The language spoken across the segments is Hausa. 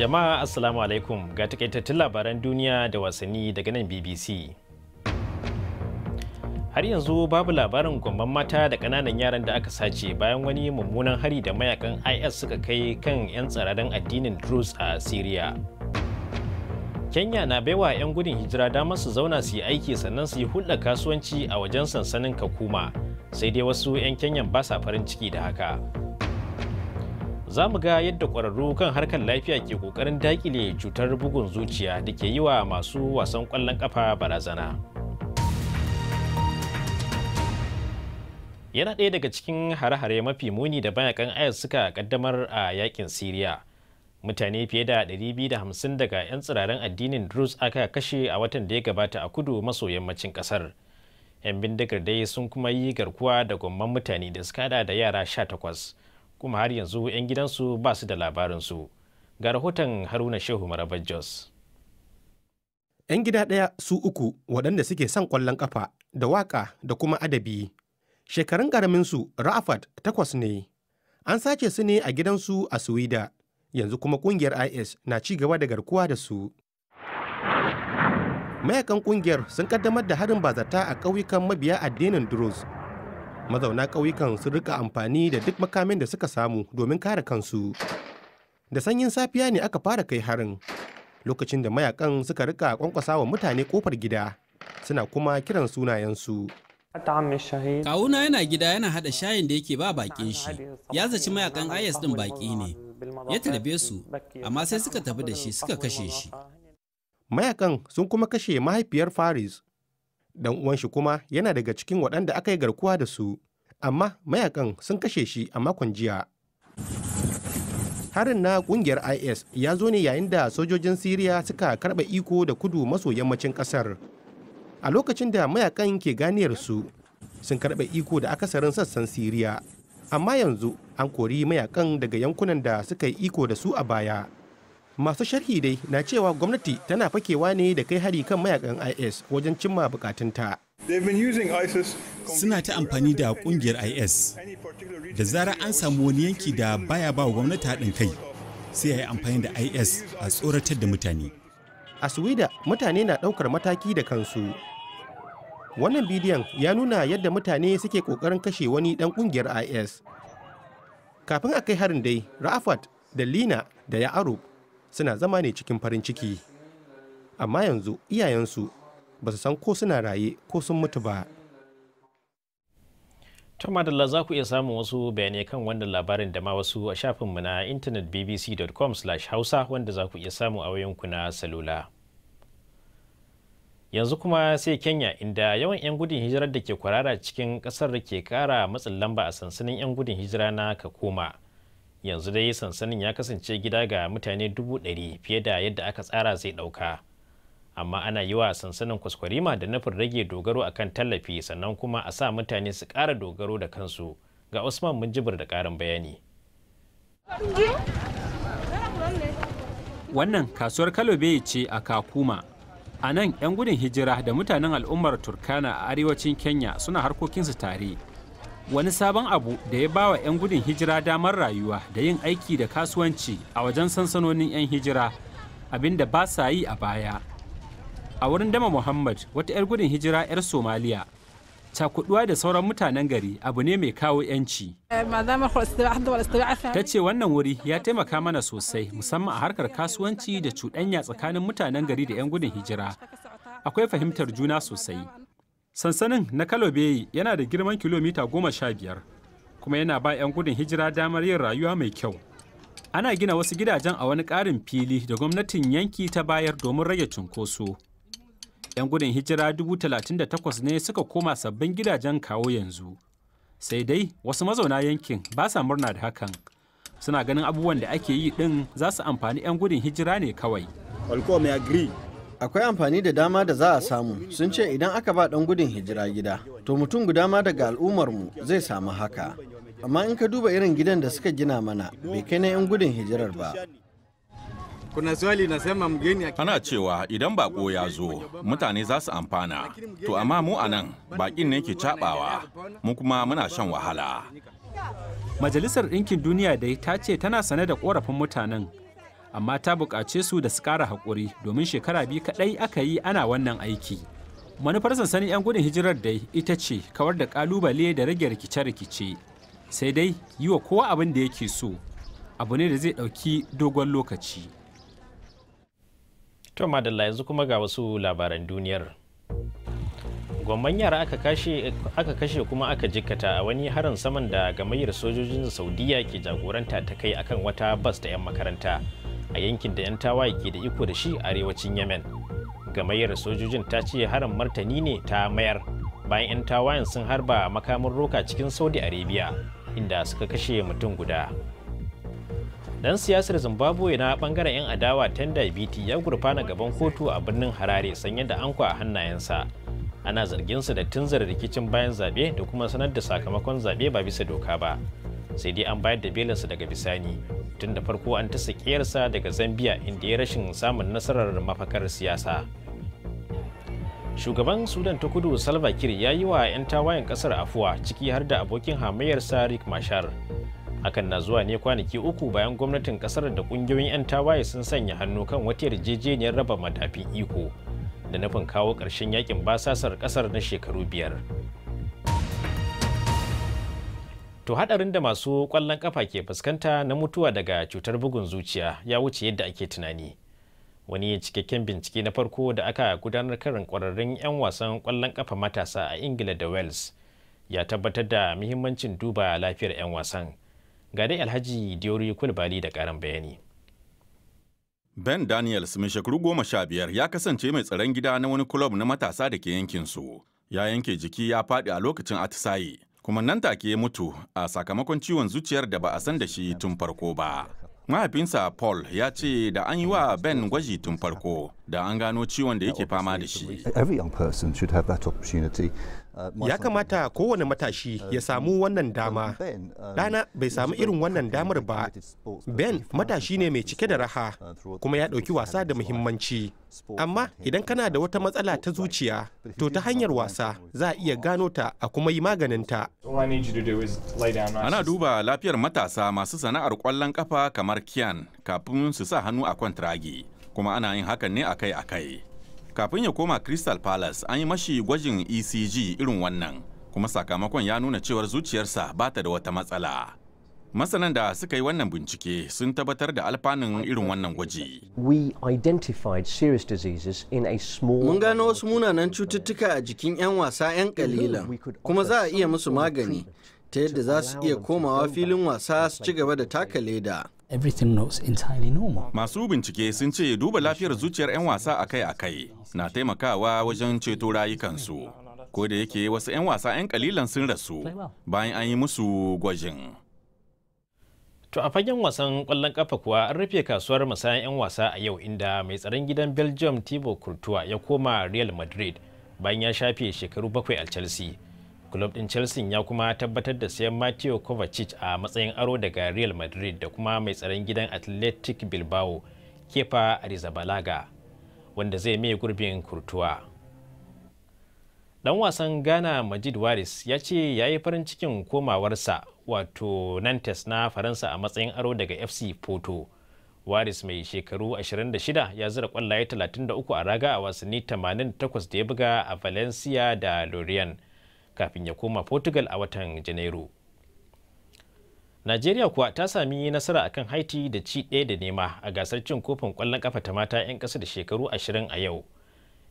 Jama'a Assalamu alaikum ga takaitattun labaran duniya da wasanni daga nan BBC. har yanzu babu labarin gwamban mata da ƙananan yaran da aka sace bayan wani mummunan hari da mayakan is suka kai kan 'yan tsararren addinin druze a syria kenya na baiwa 'yan gudun hijira damar su zauna su yi aiki sannan su yi hulɗa kasuwanci a wajen sansanin kakuma sai dai wasu 'yan kenyan ba sa farin ciki da haka za mu ga yadda ƙwararru kan harkar lafiya ke ƙoƙarin daƙile cutar bugun zuciya da ke yi wa masu wasan ƙwallon ƙafa barazana. yana ɗaya daga cikin hare-hare mafi muni da mayakan IS suka kaddamar a yakin Siriya. Mutane fiye da 250 daga 'yan tsiraren addinin drus aka kashe a watan da ya gabata a kudu maso yammacin ƙasar. 'Yan bindigar dai sun kuma yi garkuwa da gwamman mutane da suka da yara 18, kuma har yanzu 'yan gidansu ba su da labarinsu. Ga rahoton Haruna Shehu Marabar Jos. 'Yan gida ɗaya su uku waɗanda suke son ƙwallon ƙafa da waƙa da kuma adabi shekarun su, rafat takwas ne an sace su ne a gidansu a suwida yanzu kuma ƙungiyar is na ci gaba da garkuwa da su mayakan ƙungiyar sun kaddamar da harin bazata a ƙauyukan mabiya addinin Druz. mazauna ƙauyukan sun rika amfani da duk makamin da suka samu domin kare kansu da sanyin safiya ne aka fara kai harin lokacin da mayakan suka rika kwankwasa wa mutane ƙofar gida suna kuma kiran sunayensu. Kawuna yana gida yana hada shayin da yake ba bakin shi, ya zaci mayakan IS din baki ne, ya tarbe su, amma sai suka tafi da shi suka kashe shi. Mayakan sun kuma kashe mahaifiyar Faris, dan uwan shi kuma yana daga cikin waɗanda aka yi garkuwa da su, amma mayakan sun kashe shi a makon jiya. Harin na kungiyar IS ya zo ne yayin da sojojin Siriya suka karɓa iko da kudu maso yammacin ƙasar. a lokacin da mayakan ke ganiyar su sun karɓe iko da akasarin sassan siriya amma yanzu an kori mayakan daga yankunan da suka yi iko da su a baya masu sharhi dai na cewa gwamnati tana fakewa ne da kai hari kan mayakan is wajen cimma bukatunta suna ta amfani da kungiyar is da zarar an samu wani yanki da baya ba gwamnati haɗin kai sai a yi amfani da is a tsoratar da mutane a suwida mutane na ɗaukar mataki da kansu wannan bidiyon ya nuna yadda mutane suke kokarin kashe wani dan kungiyar is kafin a kai harin dai rafat da lina da ya aro suna zama ne cikin farin ciki amma yanzu iyayensu ba su san ko suna raye ko sun mutu ba madalla za ku iya samun wasu bayanai kan wannan labarin da ma wasu a shafinmu na intanet bbc.com/hausa wanda za ku iya samu a wayanku na salula. yanzu kuma sai kenya inda yawan 'yan gudun hijirar da ke kwarara cikin kasar ke kara matsin lamba a sansanin 'yan gudun hijira na kakoma yanzu dai sansanin ya kasance gida ga mutane dubu ɗari fiye da yadda aka tsara zai dauka amma ana yi wa sansanin kwaskwarima da nufin rage dogaro akan tallafi sannan kuma a sa mutane su kara dogaro da kansu ga usman munjibir da karin bayani wannan kasuwar kalobe ce a kakuma a nan 'yan gudun hijira da mutanen al'ummar turkana a arewacin kenya suna harkokinsu tare wani sabon abu da ya bawa 'yan gudun hijira damar rayuwa da yin aiki da kasuwanci a wajen sansanonin 'yan hijira abinda ba sa yi a baya a wurin dama muhammad wata 'yar gudun hijira 'yar somaliya cakuduwa da sauran mutanen gari abu ne mai kawo 'yanci. Ta ce wannan wuri ya taimaka mana sosai musamman a harkar kasuwanci da cuɗanya tsakanin mutanen gari da 'yan gudun hijira. Akwai fahimtar juna sosai. Sansanin na Kalobeyi yana da girman kilomita goma sha biyar kuma yana ba 'yan gudun hijira damar yin rayuwa mai kyau. Ana gina wasu gidajen a wani ƙarin fili da gwamnatin yanki ta bayar domin rage cunkoso. 'Yan gudun hijira 38,000 ne suka koma sabbin gidajen kawo yanzu. Sai dai wasu mazauna yankin ba sa murna da hakan. Suna ganin abubuwan da ake yi din za su amfani 'yan gudun hijira ne kawai. Akwai amfani da dama da za a samu sun ce idan aka ba ɗan gudun hijira gida, to mutum guda ma daga al'ummarmu zai samu haka. Amma in ka duba irin gidan da suka gina mana bai kai na 'yan gudun hijirar ba. ana cewa idan bako ya zo mutane za su amfana to amma mu a nan bakin ne ke cabawa mu kuma muna shan wahala. Majalisar Ɗinkin Duniya dai ta ce tana sane da korafin mutanen amma ta buƙace su da su ƙara haƙuri domin shekara biyu kaɗai aka yi ana wannan aiki. Manufar sansanin 'yan gudun hijirar dai ita ce kawar da ƙalubale da rage rikice-rikice sai dai yi wa kowa abin da yake so abu ne da zai ɗauki dogon lokaci. To madalla yanzu kuma ga wasu labaran duniyar. Gwamman yara aka kashe kuma aka jikkata a wani harin saman da gamayyar sojojin Saudiya ke jagoranta ta kai akan wata bas da 'yan makaranta a yankin da 'yan tawaye ke da iko da shi arewacin Yemen. Gamayyar sojojin ta ce harin martani ne ta mayar bayan 'yan tawayen sun harba makamin roka cikin Saudi Arabia inda suka kashe mutum guda. dan siyasar zimbabwe na bangaren 'yan adawa tenda biti ya gurfana gaban kotu a birnin harare sanye da anko a hannayensa ana zarginsa da tunzar rikicin bayan zabe da kuma sanar da sakamakon zabe ba bisa doka ba sai dai an bayar da belinsa daga bisani tun da farko an ta kiyarsa daga zambia inda ya rashin samun nasarar mafakar siyasa shugaban sudan ta kudu salva kiir ya yi wa 'yan tawayen kasar afuwa ciki har da abokin hamayyarsa rick mashar hakan na zuwa ne kwanaki uku bayan gwamnatin kasar da kungiyoyin 'yan tawaye sun sanya hannu kan wata yarjejeniyar raba madafin iko da nufin kawo ƙarshen yakin basasar kasar na shekaru biyar to hadarin da masu kwallon kafa ke fuskanta na mutuwa daga cutar bugun zuciya ya wuce yadda ake tunani wani cikakken bincike na farko da aka gudanar karin kwararrun 'yan wasan kwallon kafa matasa a ingila da wales ya tabbatar da muhimmancin duba lafiyar 'yan wasan ga dai alhaji diori kulbali da karin bayani ben daniels mai shekaru goma sha biyar ya kasance mai tsaron gida na wani kulob na matasa da ke yankin su ya yanke jiki ya fadi a lokacin atisaye kuma nan take ya mutu a sakamakon ciwon zuciyar da ba a san da shi tun farko ba mahaifinsa paul ya ce da an yi wa ben gwaji tun farko da an gano ciwon da yake fama da shi ya kamata kowane matashi ya samu wannan dama dana bai samu irin wannan damar ba ben matashi ne mai cike da raha kuma ya ɗauki wasa da muhimmanci amma idan kana da wata matsala ta zuciya to ta hanyar wasa za a iya gano ta a kuma yi maganinta ana duba lafiyar matasa masu sana'ar kwallon kafa kamar Kian kafin su sa hannu a kwantiragi kuma ana yin hakan ne akai-akai kafin ya koma crystal palace an yi mashi gwajin ecg irin wannan kuma sakamakon ya nuna cewar zuciyarsa ba ta da wata matsala masanan da suka yi wannan bincike sun tabbatar da alfanun irin wannan gwaji mun gano wasu munanan cututtuka a jikin 'yan wasa 'yan kalilan kuma za a iya musu magani ta yadda za su iya komawa filin wasa su ci gaba da taka leda everything looks entirely normal. Masu bincike sun ce duba lafiyar zuciyar 'yan wasa akai-akai na taimakawa wajen ceto rayukansu. Ko da yake wasu 'yan wasa 'yan kalilan sun rasu bayan an yi musu gwajin. To a fagen wasan kwallon kafa kuwa an rufe kasuwar musayan 'yan wasa a yau inda mai tsaron gidan Belgium Thibaut Courtois ya koma Real Madrid bayan ya shafe shekaru bakwai a Chelsea. club din chelsea ya kuma tabbatar da sayan mateo kovacic a matsayin aro daga real madrid da kuma mai tsaron gidan athletic bilbao kepa arrizabalaga wanda zai mai gurbin kurtuwa dan wasan ghana majid waris ya ce ya yi farin cikin komawarsa wato nantes na faransa a matsayin aro daga fc porto waris mai shekaru 26 ya zira kwallaye 33 a raga a wasanni 88 da ya buga a valencia da lorient kafin ya koma portugal a watan janairu najeriya kuwa ta sami nasara akan haiti da ci ɗaya da nema a gasar cin kofin ƙwallon ƙafa ta mata 'yan ƙasa da shekaru 20 a yau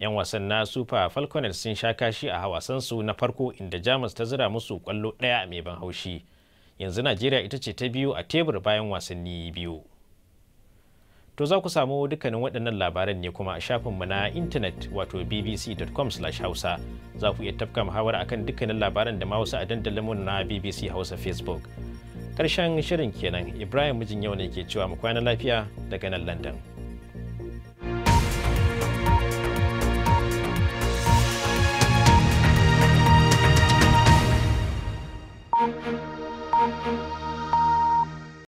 'yan wasan na super falconers sun sha kashi a wasansu na farko inda jamus ta zira musu kwallo ɗaya mai ban haushi yanzu najeriya ita ce ta biyu a tebur bayan wasanni biyu To za ku samu dukkanin waɗannan labaran ne kuma a shafinmu na intanet wato bbc.com hausa za ku iya tafka muhawara akan dukkanin labaran da ma wasu a mu na BBC Hausa Facebook. Ƙarshen shirin kenan Ibrahim Mijin yau ne ke cewa mu kwana lafiya daga nan London.